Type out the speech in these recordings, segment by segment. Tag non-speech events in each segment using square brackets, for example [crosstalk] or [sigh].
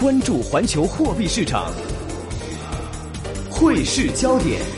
關注環球貨幣市場，匯市焦點。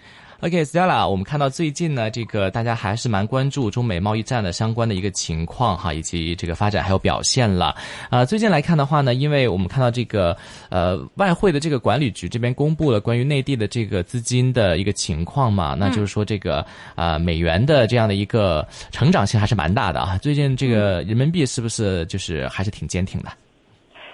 OK，Stella，、okay，我們看到最近呢，這個大家還是蠻關注中美貿易戰的相關的一個情況哈，以及這個發展還有表現了。啊、呃，最近來看的話呢，因為我們看到這個呃外匯的這個管理局這邊公布了關於內地的這個資金的一個情況嘛，嗯、那就是說這個呃美元的這樣的一個成長性還是蠻大的啊。最近這個人民幣是不是就是還是挺堅挺的？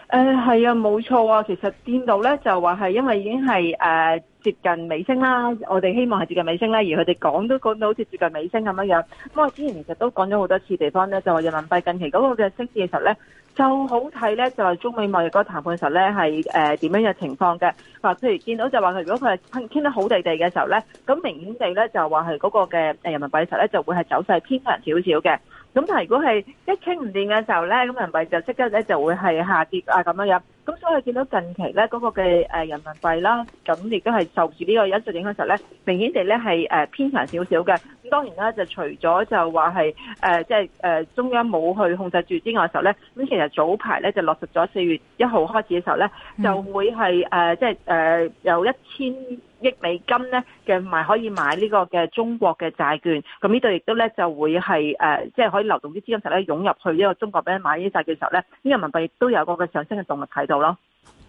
呃，是係啊，冇錯啊。其實顛倒呢，就話係因為已經係呃接近尾聲啦，我哋希望係接近尾聲啦，而佢哋講都講到好似接近尾聲咁樣樣。咁我之前其實都講咗好多次地方咧，就話人民幣近期嗰個嘅升市嘅時候咧。就好睇咧，就係中美貿易嗰個談判時候咧，係誒點樣嘅情況嘅。嗱，譬如見到就話佢，如果佢係傾得好地地嘅時候咧，咁明顯地咧就話係嗰個嘅誒人民幣時咧就會係走勢偏強少少嘅。咁但係如果係一傾唔掂嘅時候咧，咁人民幣就即刻咧就會係下跌啊咁樣樣。咁所以見到近期咧嗰個嘅誒人民幣啦，咁亦都係受住呢個因素影響嘅時候咧，明顯地咧係誒偏強少少嘅。咁當然啦，就除咗就話係誒即係誒中央冇去控制住之外嘅時候咧，咁其實。早排咧就落實咗四月一號開始嘅時候咧，就會係誒即係誒有一千億美金咧嘅賣可以買呢個嘅中國嘅債券，咁呢度亦都咧就會係誒即係可以流動啲資金實咧湧入去呢個中國咧買呢啲債券時候咧，啲、這個、人民幣都有個嘅上升嘅動力睇到咯。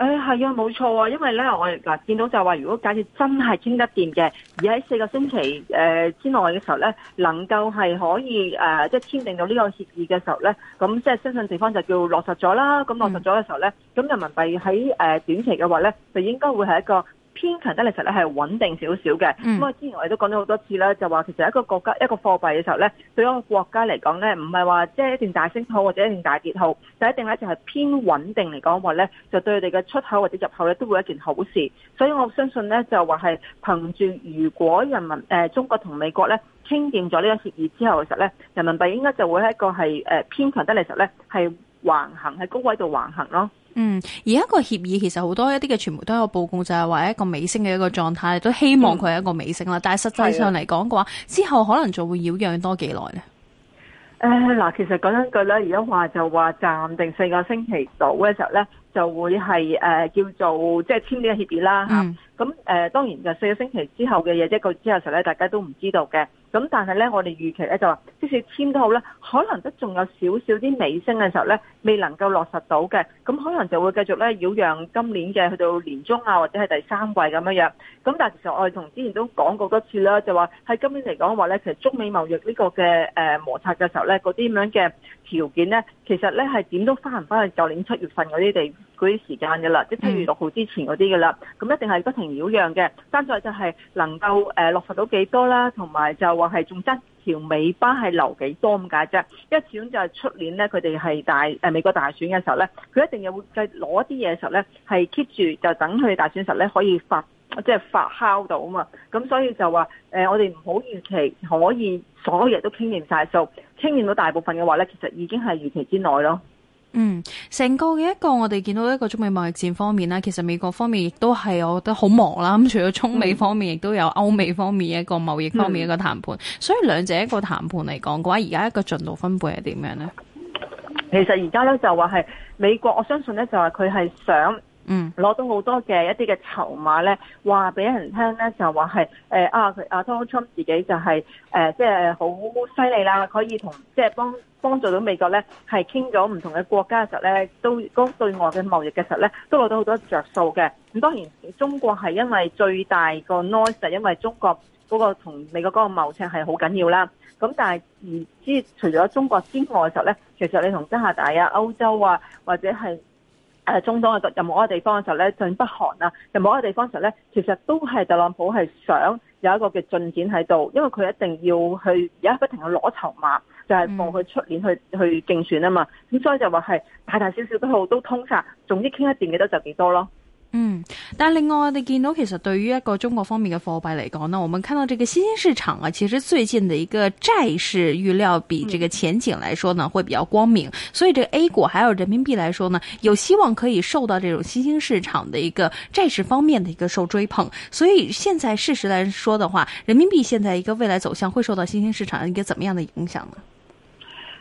誒係、哎、啊，冇錯啊，因為咧，我嗱見到就話，如果假設真係傾得掂嘅，而喺四個星期誒之內嘅時候咧，能夠係可以誒，即、呃、係、就是、簽訂到呢個協議嘅時候咧，咁即係相信地方就叫落實咗啦。咁落實咗嘅時候咧，咁、嗯、人民幣喺、呃、短期嘅話咧，就應該會係一個偏強得嚟，實咧係穩定少少嘅。咁啊，之前我哋都講咗好多次啦，就話其實一個國家一個貨幣嘅時候咧，對一個國家嚟講咧，唔係話即係一定大升好或者一定大跌好，就一定咧就係偏穩定嚟講的話咧，就對佢哋嘅出口或者入口咧都會一件好事。所以我相信咧，就話係憑住如果人民誒中國同美國咧傾掂咗呢個協議之後嘅時候咧，人民幣應該就會喺一個係誒偏強得嚟實咧係橫行喺高位度橫行咯。嗯，而家個協議其實好多一啲嘅傳媒都有報告就係、是、話一個尾聲嘅一個狀態，都希望佢係一個尾聲啦。嗯、但係實際上嚟講嘅話，的之後可能就會擾攘多幾耐咧。誒，嗱，其實講一句咧，而家話就話暫定四個星期到嘅時候咧，就會係誒、呃、叫做即係簽呢個協議啦。咁誒、嗯呃，當然就四個星期之後嘅嘢，一個之後嘅時候咧，大家都唔知道嘅。咁但係咧，我哋預期咧就話，即使簽都好咧，可能都仲有少少啲尾聲嘅時候咧，未能夠落實到嘅，咁可能就會繼續咧擾攘今年嘅去到年中啊，或者係第三季咁樣樣。咁但係其實我哋同之前都講過多次啦，就話喺今年嚟講話咧，其實中美貿易呢個嘅誒摩擦嘅時候咧，嗰啲咁樣嘅條件咧，其實咧係點都翻唔翻去舊年七月份嗰啲地。嗰啲時間嘅啦，即係七月六號之前嗰啲嘅啦，咁、嗯、一定係不停擾攘嘅。爭在就係能夠誒落實到幾多啦，同埋就話係仲爭條尾巴係留幾多咁解啫。因為始終就係出年咧，佢哋係大誒美國大選嘅時候咧，佢一定又會攞一啲嘢嘅時候咧，係 keep 住就等佢大選時咧可以發即係、就是、發酵到啊嘛。咁所以就話誒，我哋唔好預期可以所有嘢都傾掂晒數，傾掂到大部分嘅話咧，其實已經係預期之內咯。嗯，成個嘅一個我哋見到一個中美貿易戰方面啦，其實美國方面亦都係我覺得好忙啦。咁除咗中美方面，亦都、嗯、有歐美方面一個貿易方面一個談判，嗯、所以兩者一個談判嚟講嘅話，而家一個進度分配係點樣呢？其實而家咧就話係美國，我相信咧就話佢係想。嗯，攞到好多嘅一啲嘅籌碼咧，話俾人聽咧，就話係誒啊，阿阿 Donald Trump 自己就係、是、誒，即係好犀利啦，可以同即係幫幫助到美國咧，係傾咗唔同嘅國家嘅時候咧，都對外嘅貿易嘅時候咧，都攞到好多著數嘅。咁當然中國係因為最大個 noise，因為中國嗰個同美國嗰個貿易係好緊要啦。咁但係而之除咗中國之外嘅時候咧，其實你同加拿大啊、歐洲啊，或者係。誒中東啊，任何一個地方嘅時候咧，就北韓啊，任何一個地方嘅時候咧，其實都係特朗普係想有一個嘅進展喺度，因為佢一定要去而家不停去攞籌碼，就係望佢出年去去競選啊嘛，咁所以就話係大大小小都好都通殺，總之傾一掂幾多就幾多咯。嗯，但另外的嘅我哋睇到對於一個中國方面嘅貨幣嚟講呢，那我們看到這個新興市場啊，其實最近的一個債市預料比這個前景來說呢，嗯、會比較光明，所以這個 A 股還有人民幣來說呢，有希望可以受到這種新興市場的一個債市方面的一個受追捧，所以現在事實來說的話，人民幣現在一個未來走向會受到新興市場一個怎麼樣的影響呢？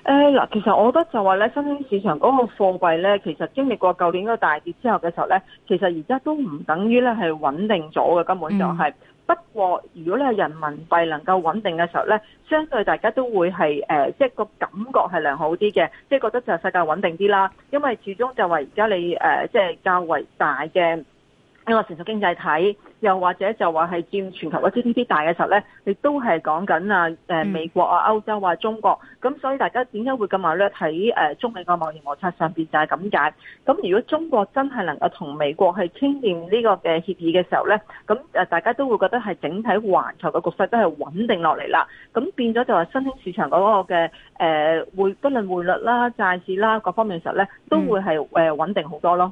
誒嗱，其實我覺得就話咧，新興市場嗰個貨幣咧，其實經歷過舊年嗰個大跌之後嘅時候咧，其實而家都唔等於咧係穩定咗嘅，根本就係、是。嗯、不過，如果你係人民幣能夠穩定嘅時候咧，相對大家都會係誒，即係個感覺係良好啲嘅，即、就、係、是、覺得就係世界穩定啲啦。因為始終就話而家你即係、呃就是、較為大嘅一個成熟經濟體。又或者就話係佔全球嘅 GDP 大嘅時候咧，亦都係講緊啊美國啊、嗯、歐洲啊、中國，咁所以大家點解會咁話咧喺中美嘅貿易摩擦上面就，就係咁解？咁如果中國真係能夠同美國係傾掂呢個嘅協議嘅時候咧，咁大家都會覺得係整體環球嘅局勢都係穩定落嚟啦。咁變咗就話新興市場嗰個嘅誒會，不論匯率啦、債市啦各方面嘅時候咧，都會係誒穩定好多咯。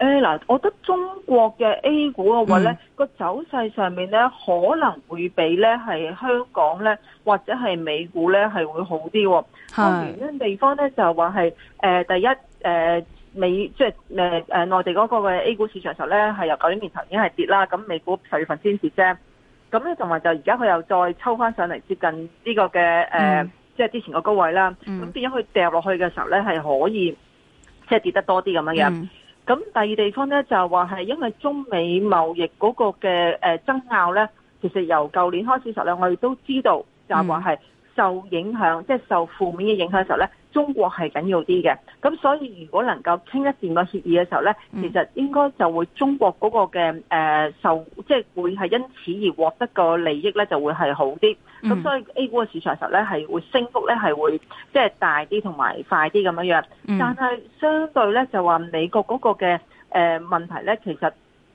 嗱、哎，我覺得中國嘅 A 股嘅話咧，個、嗯、走勢上面咧，可能會比咧係香港咧，或者係美股咧係會好啲、哦。當是然，呢地方咧就話係、呃、第一、呃、美，即係誒誒內地嗰個嘅 A 股市場時候咧，係由九月年頭已經係跌啦。咁美股十月份先跌啫。咁咧同埋就而家佢又再抽翻上嚟，接近呢個嘅誒，即係、嗯呃就是、之前個高位啦。咁、嗯、變咗佢掉落去嘅時候咧，係可以即係、就是、跌得多啲咁樣樣。嗯咁第二地方咧就係話係因為中美貿易嗰個嘅誒爭拗咧，其實由舊年開始時候咧，我哋都知道就係話係受影響，嗯、即係受負面嘅影響時候咧。中國係緊要啲嘅，咁所以如果能夠傾一啲個協議嘅時候呢，嗯、其實應該就會中國嗰個嘅誒、呃、受，即、就、係、是、會係因此而獲得個利益呢，就會係好啲。咁、嗯、所以 A 股嘅市場實呢，係會升幅呢，係會即係、就是、大啲同埋快啲咁樣樣，嗯、但係相對呢，就話美國嗰個嘅誒、呃、問題呢，其實。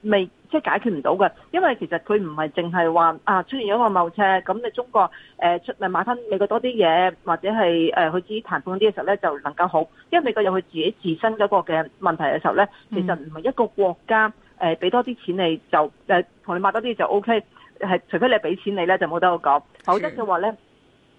未即係解決唔到嘅，因為其實佢唔係淨係話啊出現咗個貿赤，咁你中國誒、呃、出嚟買返美國多啲嘢，或者係誒佢自己談判啲嘅時候咧，就能夠好。因為美國有佢自己自身嗰個嘅問題嘅時候咧，其實唔係一個國家誒俾、呃、多啲錢你就誒同你買多啲就 OK，係除非你俾錢你咧就冇得我講，否則嘅話咧。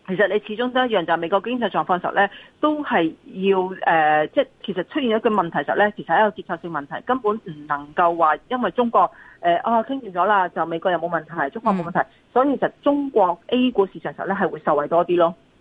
其實你始終都一樣，就係美國的經濟狀況時候咧，都係要誒、呃，即係其實出現一個問題時候咧，其實係一個結構性問題，根本唔能夠話因為中國誒、呃、啊傾掂咗啦，就美國又冇問題，中國冇問題，所以其實中國 A 股市場時候咧係會受惠多啲咯。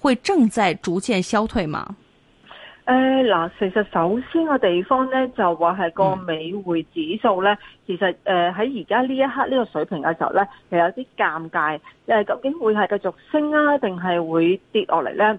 會正在逐漸消退嘛？誒嗱，呃，其實首先個地方咧，就話係，嗯、呃、個美匯指數咧，其實誒喺而家呢一刻呢個水平嘅時候咧，係有啲尷尬，誒究竟會係繼續升啊，定係會跌落嚟咧？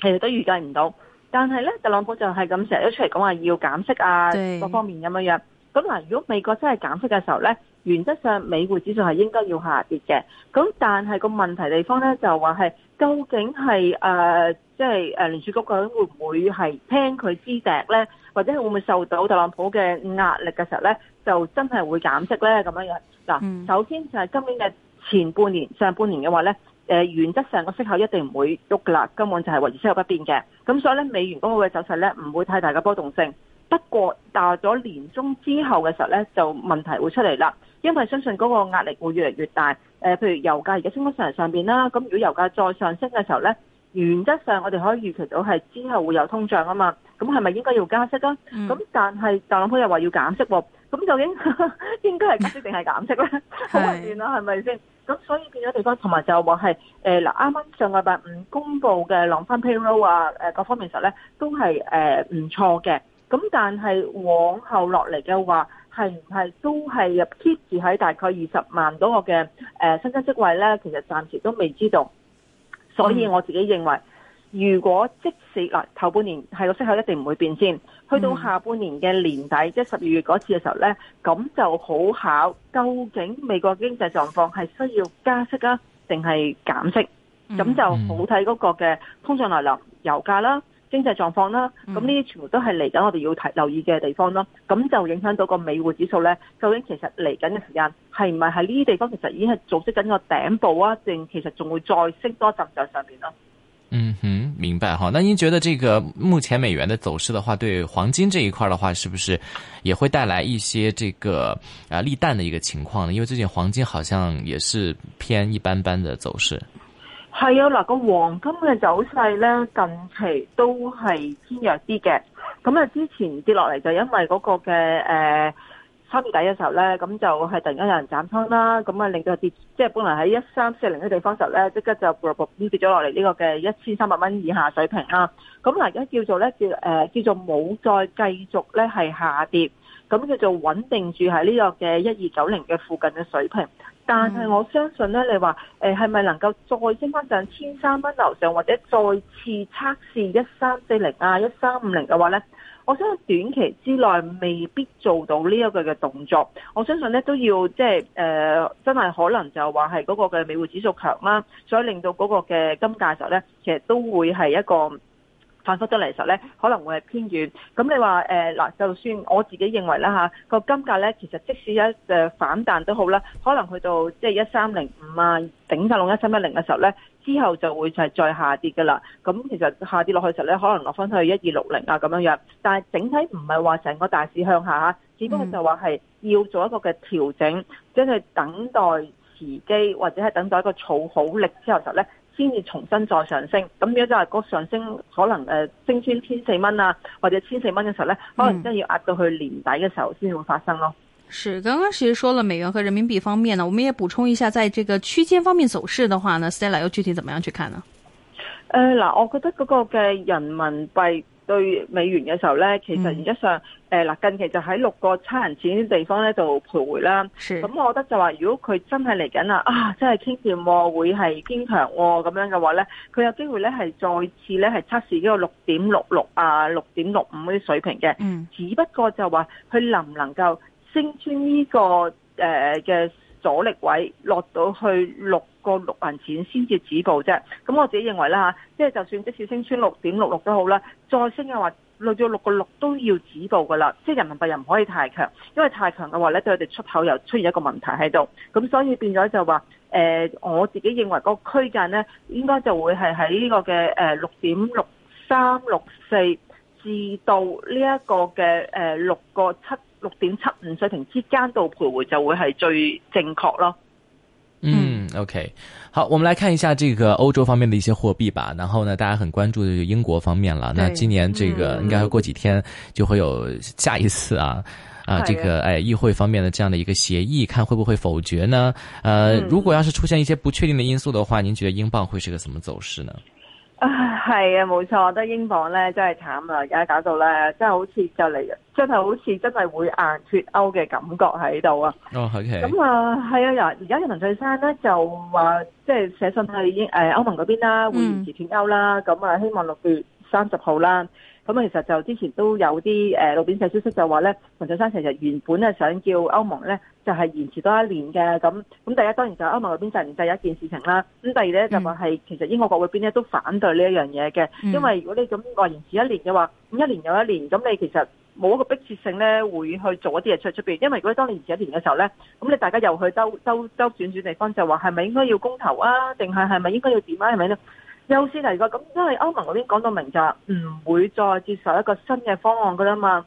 其實都預計唔到。但係咧，特朗普就係咁成日都出嚟講話要減息啊，各對方面咁樣樣。咁嗱，如果美國真係減息嘅時候咧，原則上美匯指數係應該要下跌嘅。咁但係個問題地方咧，就話係究竟係誒，即係誒聯儲局究竟會唔會係聽佢支笛咧，或者係會唔會受到特朗普嘅壓力嘅時候咧，就真係會減息咧咁樣樣。嗱，首先就係今年嘅前半年、上半年嘅話咧，誒原則上個息口一定唔會喐噶啦，根本就係維持息口不變嘅。咁所以咧，美元嗰個嘅走勢咧，唔會太大嘅波動性。不過大咗年中之後嘅時候咧，就問題會出嚟啦。因為相信嗰個壓力會越嚟越大。誒、呃，譬如油價而家升得上嚟上邊啦。咁如果油價再上升嘅時候咧，原則上我哋可以預期到係之後會有通脹啊嘛。咁係咪應該要加息啊？咁、嗯、但係特朗普又話要減息喎、啊。咁究竟 [laughs] 應該係加息定係減息咧？好混亂啊，係咪先？咁所以變咗地方，同埋就話係誒嗱，啱、呃、啱上個禮拜五公佈嘅 non-farm payroll 啊，誒、呃、各方面嘅時候咧，都係誒唔錯嘅。咁但係往後落嚟嘅話，係唔係都係入 keep 住喺大概二十萬嗰個嘅誒新增職位呢？其實暫時都未知道，所以我自己認為，嗯、如果即使嗱頭、啊、半年係個息口一定唔會變先，去到下半年嘅年底，嗯、即係十二月嗰次嘅時候呢，咁就好考究竟美國經濟狀況係需要加息啊，定係減息？咁、嗯、就好睇嗰個嘅通脹壓力、油價啦。經濟狀況啦，咁呢啲全部都係嚟緊，我哋要提、嗯、留意嘅地方啦。咁就影響到個美匯指數咧，究竟其實嚟緊嘅時間係唔係喺呢啲地方其實已經係組織緊個頂部啊，定其實仲會再升多一陣上邊咯？嗯哼，明白哈。那您覺得這個目前美元嘅走勢的話，對黃金這一塊的話，是不是也會帶來一些這個啊利淡嘅一個情況呢？因為最近黃金好像也是偏一般般的走勢。係啊，嗱、那個黃金嘅走勢咧，近期都係偏弱啲嘅。咁啊，之前跌落嚟就因為嗰個嘅誒、呃、三月底嘅時候咧，咁就係突然間有人斬倉啦，咁啊令到跌，即、就、係、是、本來喺一三四零嘅地方時候咧，即刻就跌咗落嚟呢個嘅一千三百蚊以下水平啦。咁嗱，而家叫做咧叫誒、呃、叫做冇再繼續咧係下跌，咁叫做穩定住喺呢個嘅一二九零嘅附近嘅水平。但係我相信咧，你話誒係咪能夠再升翻上千三蚊樓上，或者再次測試一三四零啊、一三五零嘅話咧？我相信短期之內未必做到呢一個嘅動作。我相信咧都要即係誒，真係可能就係話係嗰個嘅美匯指數強啦，所以令到嗰個嘅金價就咧，其實都會係一個。反覆得嚟嘅時候咧，可能會係偏遠。咁你話誒嗱，就算我自己認為啦嚇，個金價咧，其實即使一誒反彈都好啦，可能去到即係一三零五啊，頂晒籠一三一零嘅時候咧，之後就會就係再下跌㗎啦。咁其實下跌落去嘅時候咧，可能落翻去一二六零啊咁樣樣。但係整體唔係話成個大市向下，只不過就話係要做一個嘅調整，即係、嗯、等待時機，或者係等待一個儲好力之後嘅時候咧。先至重新再上升，咁樣就係嗰上升可能誒、呃、升穿千四蚊啊，或者千四蚊嘅時候咧，可能真係要壓到去年底嘅時候先會發生咯。嗯、是，剛剛其實講咗美元和人民幣方面呢，我們也補充一下，在這個區間方面走勢嘅話呢，Stella 又具體點樣去看呢？誒嗱、呃，我覺得嗰個嘅人民幣。對美元嘅時候咧，其實原則上，誒嗱、嗯、近期就喺六個差人錢嘅地方咧，就徘徊啦。咁是我覺得就話，如果佢真係嚟緊啊，真啊真係傾掂喎，會係堅強喎，咁樣嘅話咧，佢有機會咧係再次咧係測試呢個六點六六啊，六點六五嗰啲水平嘅。嗯，只不過就話佢能唔能夠升穿呢、這個誒嘅？呃阻力位落到去六個六銀錢先至止步啫，咁我自己認為啦嚇，即係就算即使升穿六點六六都好啦，再升嘅話落到六個六都要止步噶啦，即係人民幣又唔可以太強，因為太強嘅話咧對佢哋出口又出現一個問題喺度，咁所以變咗就話誒、呃，我自己認為個區間咧應該就會係喺呢個嘅誒六點六三六四至到呢一個嘅誒六個七。六點七五水平之間到徘徊就會係最正確咯。嗯，OK，好，我們來看一下這個歐洲方面的一些貨幣吧。然後呢，大家很關注的就英國方面啦。那今年這個應該過幾天就會有下一次啊啊，這個誒、哎，議會方面的這樣的一個協議，看會不會否決呢？呃，如果要是出現一些不確定的因素的話，您覺得英鎊會是個什麼走勢呢？啊。係啊，冇錯，我覺得英鎊咧真係慘啊！而家搞到咧，真係好似就嚟，真係好似真係會硬脱歐嘅感覺喺度啊！咁啊、oh, okay.，係啊，而家嘅文翠珊咧就話，即係寫信去英誒歐盟嗰邊啦，會延遲脱歐啦。咁啊、mm.，希望六月三十號啦。咁其實就之前都有啲誒路邊社消息就話咧，文翠珊其實原本咧想叫歐盟咧。就係延遲多一年嘅咁，咁第一當然就歐盟嗰邊制唔第一件事情啦。咁第二咧就話係其實英國國會邊咧都反對呢、嗯、一樣嘢嘅，因為如果你咁話延遲一年嘅話，一年又一年，咁你其實冇一個迫切性咧，會去做一啲嘢出出面。因為如果當你延遲一年嘅時候咧，咁你大家又去周周周轉轉地方，就話係咪應該要公投啊？定係係咪應該要點啊？係咪呢？又先嚟過，咁因為歐盟嗰邊講到明就唔會再接受一個新嘅方案噶啦嘛。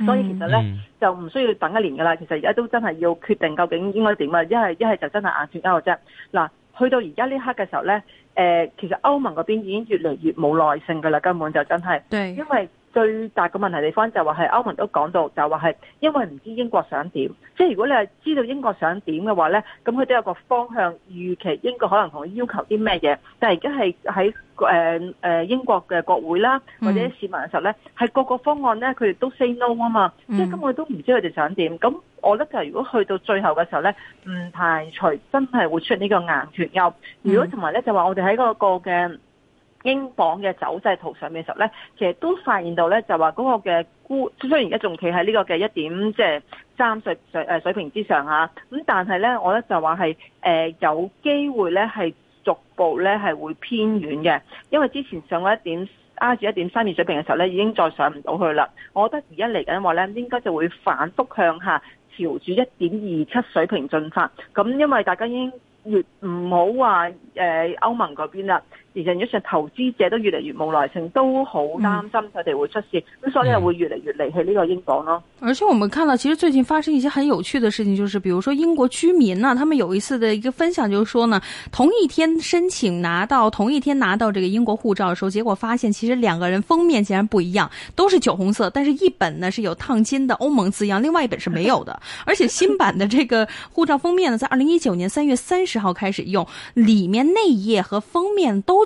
嗯、所以其實咧、嗯、就唔需要等一年噶啦，其實而家都真係要決定究竟應該點啊！一係一係就真係硬脫歐嘅啫。嗱，去到而家呢刻嘅時候咧、呃，其實歐盟嗰邊已經越嚟越冇耐性噶啦，根本就真係，對因為最大嘅問題的地方就話係歐盟都講到，就話係因為唔知英國想點，即係如果你係知道英國想點嘅話咧，咁佢都有一個方向預期英國可能同佢要求啲咩嘢，但係而家係喺誒誒英國嘅國會啦或者市民嘅時候咧，係個、mm. 個方案咧佢哋都 say no 啊嘛，mm. 即係咁我哋都唔知佢哋想點。咁我覺得就係如果去到最後嘅時候咧，唔排除真係會出呢個硬脫歐。如果同埋咧就話我哋喺嗰個嘅。英鎊嘅走勢圖上面嘅時候咧，其實都發現到咧，就話嗰個嘅估雖然而家仲企喺呢個嘅一點即係三水水誒水平之上嚇、啊，咁但係咧，我咧就話係誒有機會咧係逐步咧係會偏軟嘅，因為之前上過一點挨住一點三二水平嘅時候咧，已經再上唔到去啦。我覺得而家嚟緊話咧，應該就會反覆向下朝住一點二七水平進發。咁因為大家已經越唔好話誒歐盟嗰邊啦。事實上，投資者都越嚟越無耐性，都好擔心佢哋會出事，咁、嗯、所以會越嚟越離去呢個英國咯。而且我們看到其實最近發生一些很有趣的事情，就是，比如說英國居民呢、啊，他們有一次的一個分享，就是說呢，同一天申請拿到同一天拿到這個英國護照的時候，結果發現其實兩個人封面竟然不一樣，都是酒紅色，但是一本呢是有燙金的歐盟字樣，另外一本是沒有的。 [laughs] 而且新版的這個護照封面呢，在二零一九年三月三十號開始用，裏面內頁和封面都。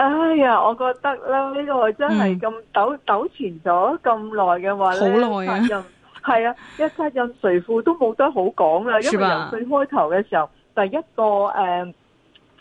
哎呀，我覺得咧，呢個真係咁糾糾纏咗咁耐嘅話咧，責、mm. 任係 [laughs] 啊，一責任誰負都冇得好講啦。吧因為由最開頭嘅時候，第一個誒，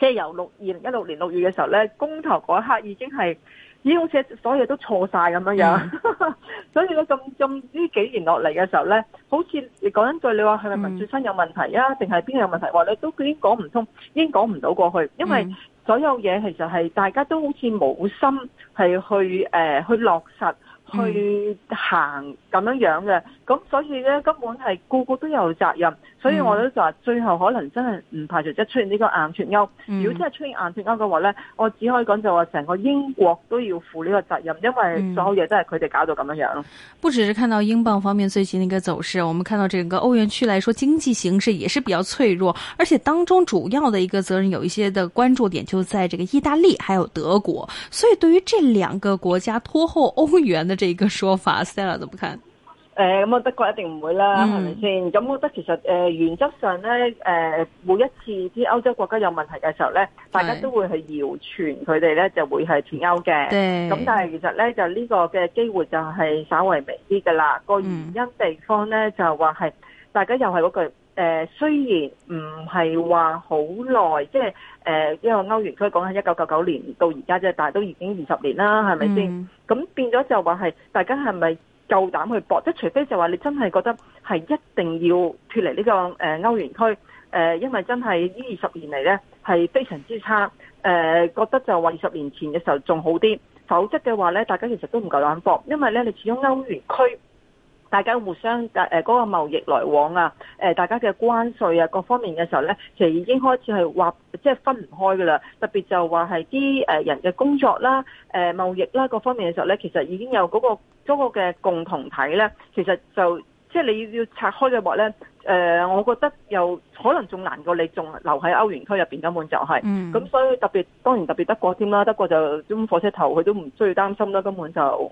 即、嗯、係由六二零一六年六月嘅時候咧，公投嗰刻已經係，咦好似所有嘢都錯晒咁樣樣，mm. [laughs] 所以咧咁咁呢幾年落嚟嘅時候咧，好似你講緊句，你話係咪民主心有問題啊？定係邊個有問題？話你都已經講唔通，已經講唔到過去，因為。Mm. 所有嘢其實係大家都好似冇心係去誒、呃、去落實去行咁樣樣嘅，咁所以咧根本係個個都有責任。所以我都就話最後可能真係唔排除即係出現呢個硬脫歐。嗯、如果真係出現硬脫歐嘅話咧，嗯、我只可以講就話成個英國都要負呢個責任，因為所有嘢都係佢哋搞到咁樣樣。不只是看到英鎊方面最近一個走勢，我們看到整個歐元區來說，經濟形勢也是比較脆弱，而且當中主要的一個責任，有一些的關注點就在這個意大利還有德國。所以對於這兩個國家拖後歐元的這一個說法 [laughs] ，Stella 怎麼看？誒咁啊，德國一定唔會啦，係咪先？咁我覺得其實誒原則上咧，誒每一次啲歐洲國家有問題嘅時候咧，大家都會去謠傳佢哋咧就會係脱歐嘅。咁但係其實咧就呢個嘅機會就係稍微微啲噶啦。個原因地方咧就話係大家又係嗰句誒，雖然唔係話好耐，即係誒一個歐元區講係一九九九年到而家即係，但係都已經二十年啦，係咪先？咁變咗就話係大家係咪？夠膽去搏，即除非就話你真係覺得係一定要脫離呢個歐元區，因為真係呢二十年嚟呢係非常之差，覺得就話二十年前嘅時候仲好啲，否則嘅話呢，大家其實都唔夠膽搏，因為呢，你始終歐元區大家互相誒嗰個貿易來往啊，大家嘅關稅啊各方面嘅時候呢，其實已經開始係劃即係分唔開噶啦，特別就話係啲人嘅工作啦、貿易啦各方面嘅時候呢，其實已經有嗰個。嗰個嘅共同體呢，其實就即係你要拆開嘅話呢，誒、呃，我覺得又可能仲難過你仲留喺歐元區入邊，根本就係、是，咁、mm. 所以特別當然特別德國添啦，德國就咁火車頭，佢都唔需要擔心啦，根本就。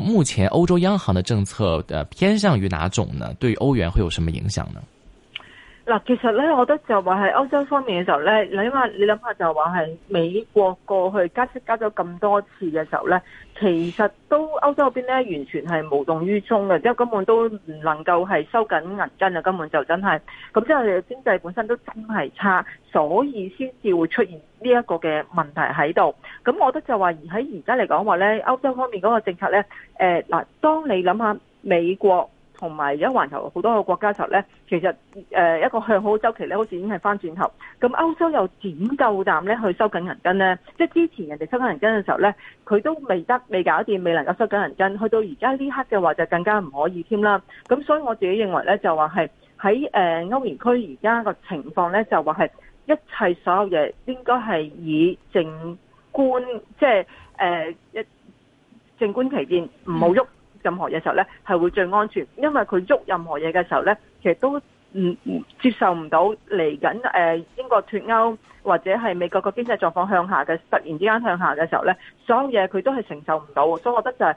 目前歐洲央行的政策的偏向於哪種呢？對於歐元會有什麼影響呢？嗱，其實咧，我覺得就話係歐洲方面嘅時候咧，你話你諗下，就話係美國過去加息加咗咁多次嘅時候咧，其實都歐洲嗰邊咧完全係無動於衷嘅，即係根本都唔能夠係收緊銀根啊，根本就真係咁即係經濟本身都真係差，所以先至會出現呢一個嘅問題喺度。咁我覺得就話而喺而家嚟講話咧，歐洲方面嗰個政策咧，誒嗱，當你諗下美國。同埋而家環球好多個國家嘅時候咧，其實誒一個向好週期咧，好似已經係翻轉頭。咁歐洲又點夠膽咧去收緊銀根呢？即係之前人哋收緊銀根嘅時候咧，佢都未得未搞掂，未能夠收緊銀根。去到而家呢刻嘅話就更加唔可以添啦。咁所以我自己認為咧，就話係喺歐元區而家個情況咧，就話係一切所有嘢應該係以靜觀，即係誒一靜觀其變，唔好喐，嗯任何嘢嘅時候咧，係會最安全，因為佢喐任何嘢嘅時候咧，其實都唔接受唔到嚟緊誒英國脱歐或者係美國個經濟狀況向下嘅，突然之間向下嘅時候咧，所有嘢佢都係承受唔到，所以我覺得就係、是。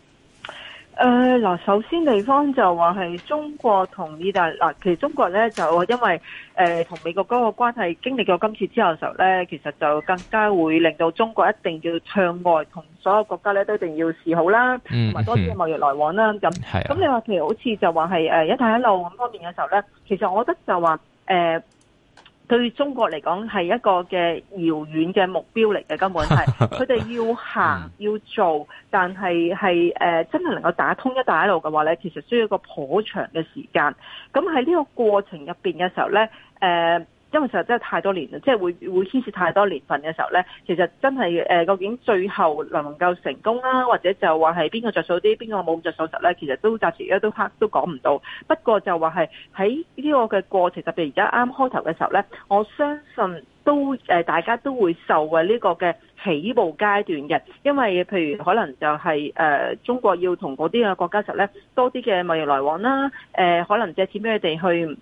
誒嗱、呃，首先地方就話係中國同意大嗱，其實中國咧就因為同、呃、美國嗰個關係，經歷過今次之後嘅時候咧，其實就更加會令到中國一定要向外，同所有國家咧都一定要示好啦，同埋、嗯、多啲嘅貿易來往啦。咁咁你話譬如好似就話係一帶一路咁方面嘅時候咧，其實我覺得就話對中國嚟講係一個嘅遙遠嘅目標嚟嘅，根本係佢哋要行要做，但係係誒真係能夠打通一帶一路嘅話呢，其實需要一個頗長嘅時間。咁喺呢個過程入邊嘅時候呢。誒、呃。因為實在真係太多年啦，即係會，會牽涉太多年份嘅時候呢，其實真係誒，究竟最後能唔能夠成功啦、啊，或者就話係邊個著數啲，邊個冇着著數實呢？其實都暫時都都講唔到。不過就話係喺呢個嘅過程，特別而家啱開頭嘅時候呢，我相信都誒，大家都會受惠呢個嘅起步階段嘅，因為譬如可能就係、是呃、中國要同嗰啲嘅國家實呢，多啲嘅貿易來往啦，呃、可能借錢俾佢哋去。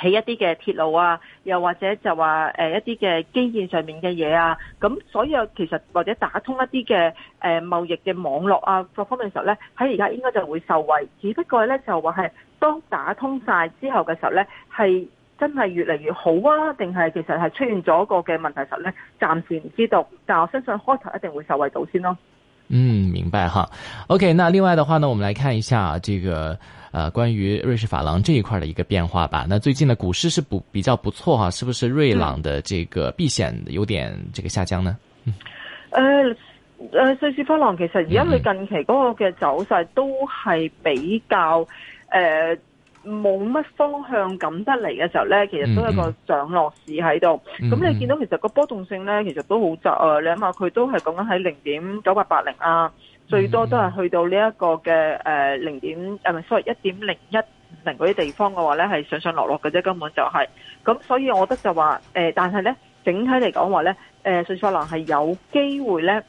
起一啲嘅鐵路啊，又或者就話一啲嘅基建上面嘅嘢啊，咁所以其實或者打通一啲嘅貿易嘅網絡啊，各方面嘅時候呢，喺而家應該就會受惠。只不過呢，就話係當打通晒之後嘅時候呢，係真係越嚟越好啊？定係其實係出現咗個嘅問題時候呢，暫時唔知道。但我相信開頭一定會受惠到先咯。嗯，明白哈。OK，那另外嘅話呢，我們來看一下這個。啊、呃，關於瑞士法郎這一塊的一個變化吧。那最近的股市是不比較不錯啊，是不是瑞郎的這個避險有點這個下降呢？誒誒、呃呃，瑞士法郎其實而家佢近期嗰個嘅走勢都係比較誒冇乜方向感得嚟嘅時候呢，其實都有一個漲落市喺度。咁、嗯、你見到其實個波動性呢，其實都好窄啊。你諗下佢都係講緊喺零點九八八零啊。最多都係去到呢一個嘅誒零點，誒唔係，sorry，一點零一零嗰啲地方嘅話呢係上上落落嘅啫，根本就係、是。咁所以，我覺得就話誒，但係呢整體嚟講話呢誒，瑞信可能係有機會呢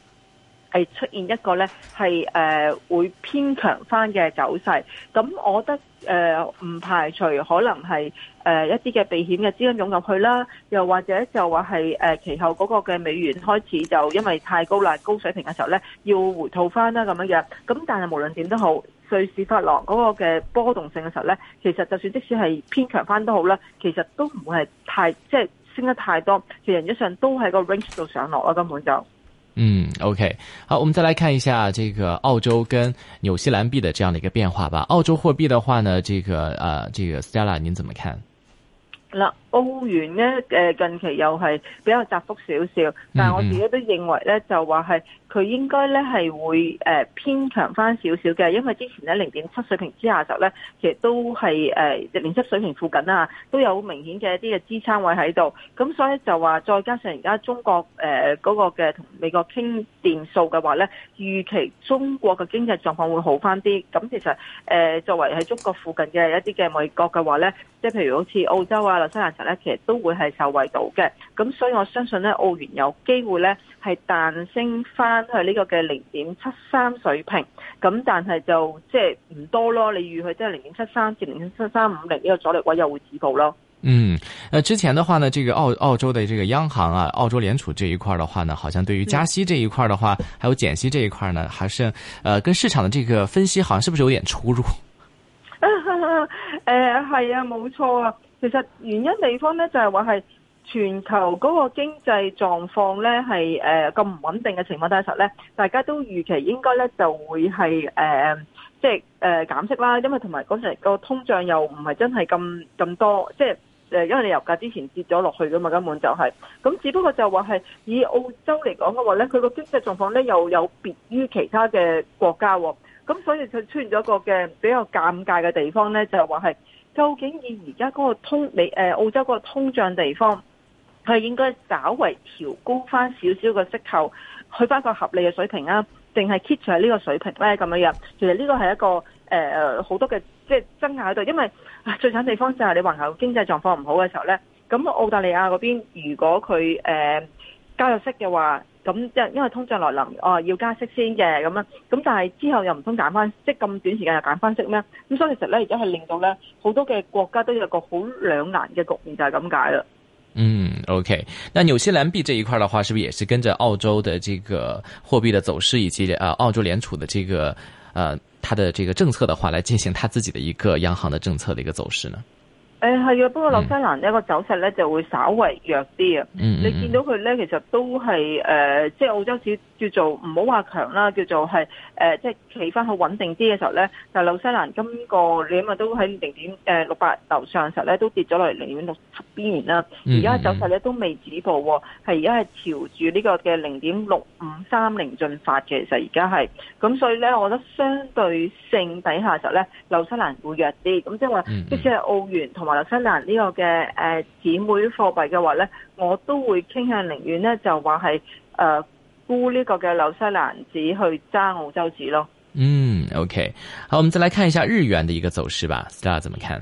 係出現一個呢係誒、呃、會偏強翻嘅走勢。咁我覺得。誒，唔、呃、排除可能係誒、呃、一啲嘅避險嘅資金湧入去啦，又或者就話係誒其後嗰個嘅美元開始就因為太高啦，高水平嘅時候咧，要回吐翻，啦咁樣嘅。咁但係無論點都好，瑞士法郎嗰個嘅波動性嘅時候咧，其實就算即使係偏強翻都好啦，其實都唔會係太即係、就是、升得太多，其實人一上都喺個 range 度上落啦，根本就。嗯，OK，好，我們再來看一下這個澳洲跟紐西蘭幣的這樣的一個變化吧。澳洲貨幣的話呢，這個呃，這個 Stella，您怎麼看？了。歐元咧，誒近期又係比較窄幅少少，但係我自己都認為咧，就話係佢應該咧係會誒、呃、偏強翻少少嘅，因為之前喺零點七水平之下就咧，其實都係誒零點七水平附近啊，都有明顯嘅一啲嘅支撐位喺度。咁所以就話再加上而家中國誒嗰、呃那個嘅同美國傾電數嘅話咧，預期中國嘅經濟狀況會好翻啲。咁其實誒、呃、作為喺中國附近嘅一啲嘅美國嘅話咧，即係譬如好似澳洲啊、紐西蘭，咧其實都會係受惠到嘅，咁所以我相信咧，澳元有機會呢係彈升翻去呢個嘅零點七三水平，咁但係就即係唔多咯，你預佢即係零點七三至零點七三五零呢個阻力位又會止步咯。嗯、呃，之前的話呢，這個澳澳洲的這個央行啊，澳洲聯儲這一塊的話呢，好像對於加息這一塊的話，嗯、還有減息這一塊呢，還是誒、呃、跟市場的這個分析，好像是不是有點出入？誒係啊、呃、啊，冇錯啊。其實原因地方咧就係話係全球嗰個經濟狀況咧係誒咁唔穩定嘅情況，但係實咧大家都預期應該咧就會係誒即係誒減息啦，因為同埋嗰陣個通脹又唔係真係咁咁多，即係誒因為你油價之前跌咗落去噶嘛，根本就係、是、咁只不過就話係以澳洲嚟講嘅話咧，佢個經濟狀況咧又有別於其他嘅國家，咁所以就出現咗一個嘅比較尷尬嘅地方咧，就係話係。究竟以而家嗰個通，你誒澳洲嗰個通脹地方，佢係應該稍為調高翻少少嘅息口，去翻個合理嘅水平啊？定係 keep 住喺呢個水平咧咁樣樣？其實呢個係一個誒好多嘅即係爭拗喺度，因為最慘地方就係你環球經濟狀況唔好嘅時候咧，咁澳大利亞嗰邊如果佢誒加入息嘅話。咁即係因為通脹來臨，哦要加息先嘅咁樣，咁但係之後又唔通減返，即係咁短時間又減返息咩？咁所以其實咧，而家係令到咧好多嘅國家都有個好兩難嘅局面，就係咁解啦。嗯，OK，那紐西蘭幣這一塊的話，是不是也是跟着澳洲的這個貨幣的走勢，以及呃澳洲聯儲的這個呃它的這個政策的話，來進行它自己的一個央行的政策嘅一個走勢呢？誒係啊，不過紐西蘭呢個走勢咧就會稍為弱啲啊。Mm hmm. 你見到佢咧，其實都係誒、呃，即係澳洲市叫做唔好話強啦，叫做係誒、呃，即係企返好穩定啲嘅時候咧。但係紐西蘭今個你咁啊都喺零點誒六八樓上時候咧都跌咗落嚟零點六七邊緣啦。而家、mm hmm. 走勢咧都未止步喎、啊，係而家係朝住呢個嘅零點六五三零進發嘅。其實而家係咁，所以咧我覺得相對性底下嘅時候咧，紐西蘭會弱啲。咁、mm hmm. 即係話即使係澳元同埋。紐西蘭、呃、呢個嘅誒姊妹貨幣嘅話咧，我都會傾向寧願咧就話係誒沽呢個嘅紐西蘭紙去揸澳洲紙咯。嗯，OK，好，我們再來看一下日元嘅一個走勢吧。Star 怎麼看？誒、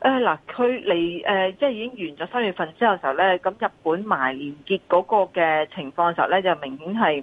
呃，嗱，佢離誒，即係已經完咗三月份之後嘅時候咧，咁日本埋連結嗰個嘅情況嘅時候咧，就明顯係。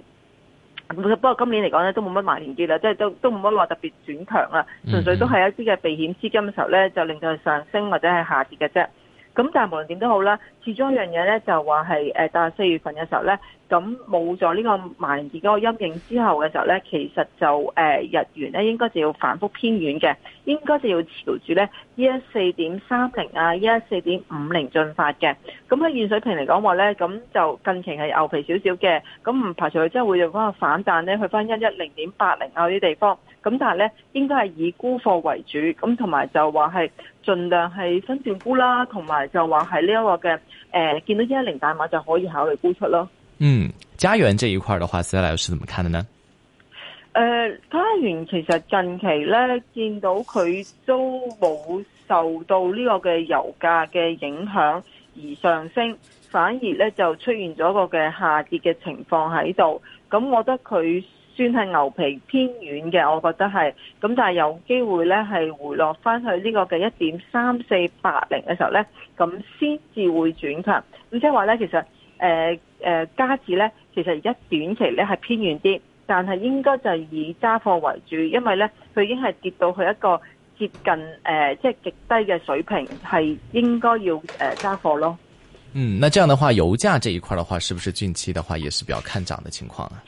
不過今年嚟講都冇乜賣點嘅啦，即係都都冇乜話特別轉強啦，純粹都係一啲嘅避險資金嘅時候咧，就令到佢上升或者係下跌嘅啫。咁但係無論點都好啦，始終一樣嘢咧就話係誒，但係四月份嘅時候咧，咁冇咗呢個萬二嗰個陰影之後嘅時候咧，其實就日元咧應該就要反覆偏軟嘅，應該就要朝住咧一一四點三零啊，一一四點五零進發嘅。咁喺現水平嚟講話咧，咁就近期係牛皮少少嘅，咁唔排除佢之後會用返個反彈咧，去翻一一零點八零啊啲地方。咁但係咧，應該係以沽貨為主，咁同埋就話係盡量係分段沽啦，同埋就話係呢一個嘅誒、呃，見到一一零大碼就可以考慮沽出咯。嗯，加元這一塊的話，接下來又是怎麼看的呢？誒、呃，加元其實近期咧見到佢都冇受到呢個嘅油價嘅影響而上升，反而咧就出現咗個個嘅下跌嘅情況喺度。咁、嗯、我覺得佢。算係牛皮偏軟嘅，我覺得係。咁但係有機會咧係回落翻去呢個嘅一點三四八零嘅時候咧，咁先至會轉強。咁即係話咧，其實誒誒、呃呃、加紙咧，其實而家短期咧係偏軟啲，但係應該就係以揸貨為主，因為咧佢已經係跌到去一個接近誒、呃、即係極低嘅水平，係應該要誒揸貨咯。嗯，那這樣的話，油價這一塊的話，是不是近期的話也是比較看漲嘅情況啊？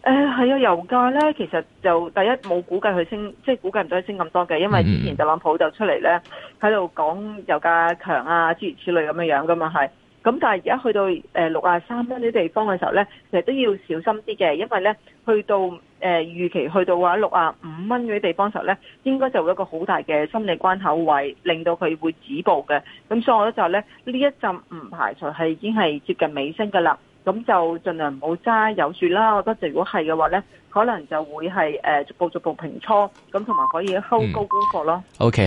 誒，係啊，哎，油價咧，其實就第一冇估計佢升，即、就、係、是、估計唔到佢升咁多嘅，因為之前特朗普就出嚟咧喺度講油價強啊，諸如此類咁樣樣噶嘛係。咁但係而家去到誒六啊三蚊啲地方嘅時候咧，其實都要小心啲嘅，因為咧去到誒預、呃、期去到話六啊五蚊嗰啲地方時候咧，應該就會一個好大嘅心理關口位，令到佢會止步嘅。咁所以我咧就咧呢一陣唔排除係已經係接近尾聲噶啦。咁就盡量唔好揸有住啦，我覺得如果係嘅話咧，可能就會係誒、呃、逐步逐步平倉，咁同埋可以 hold 高沽貨咯。for OK。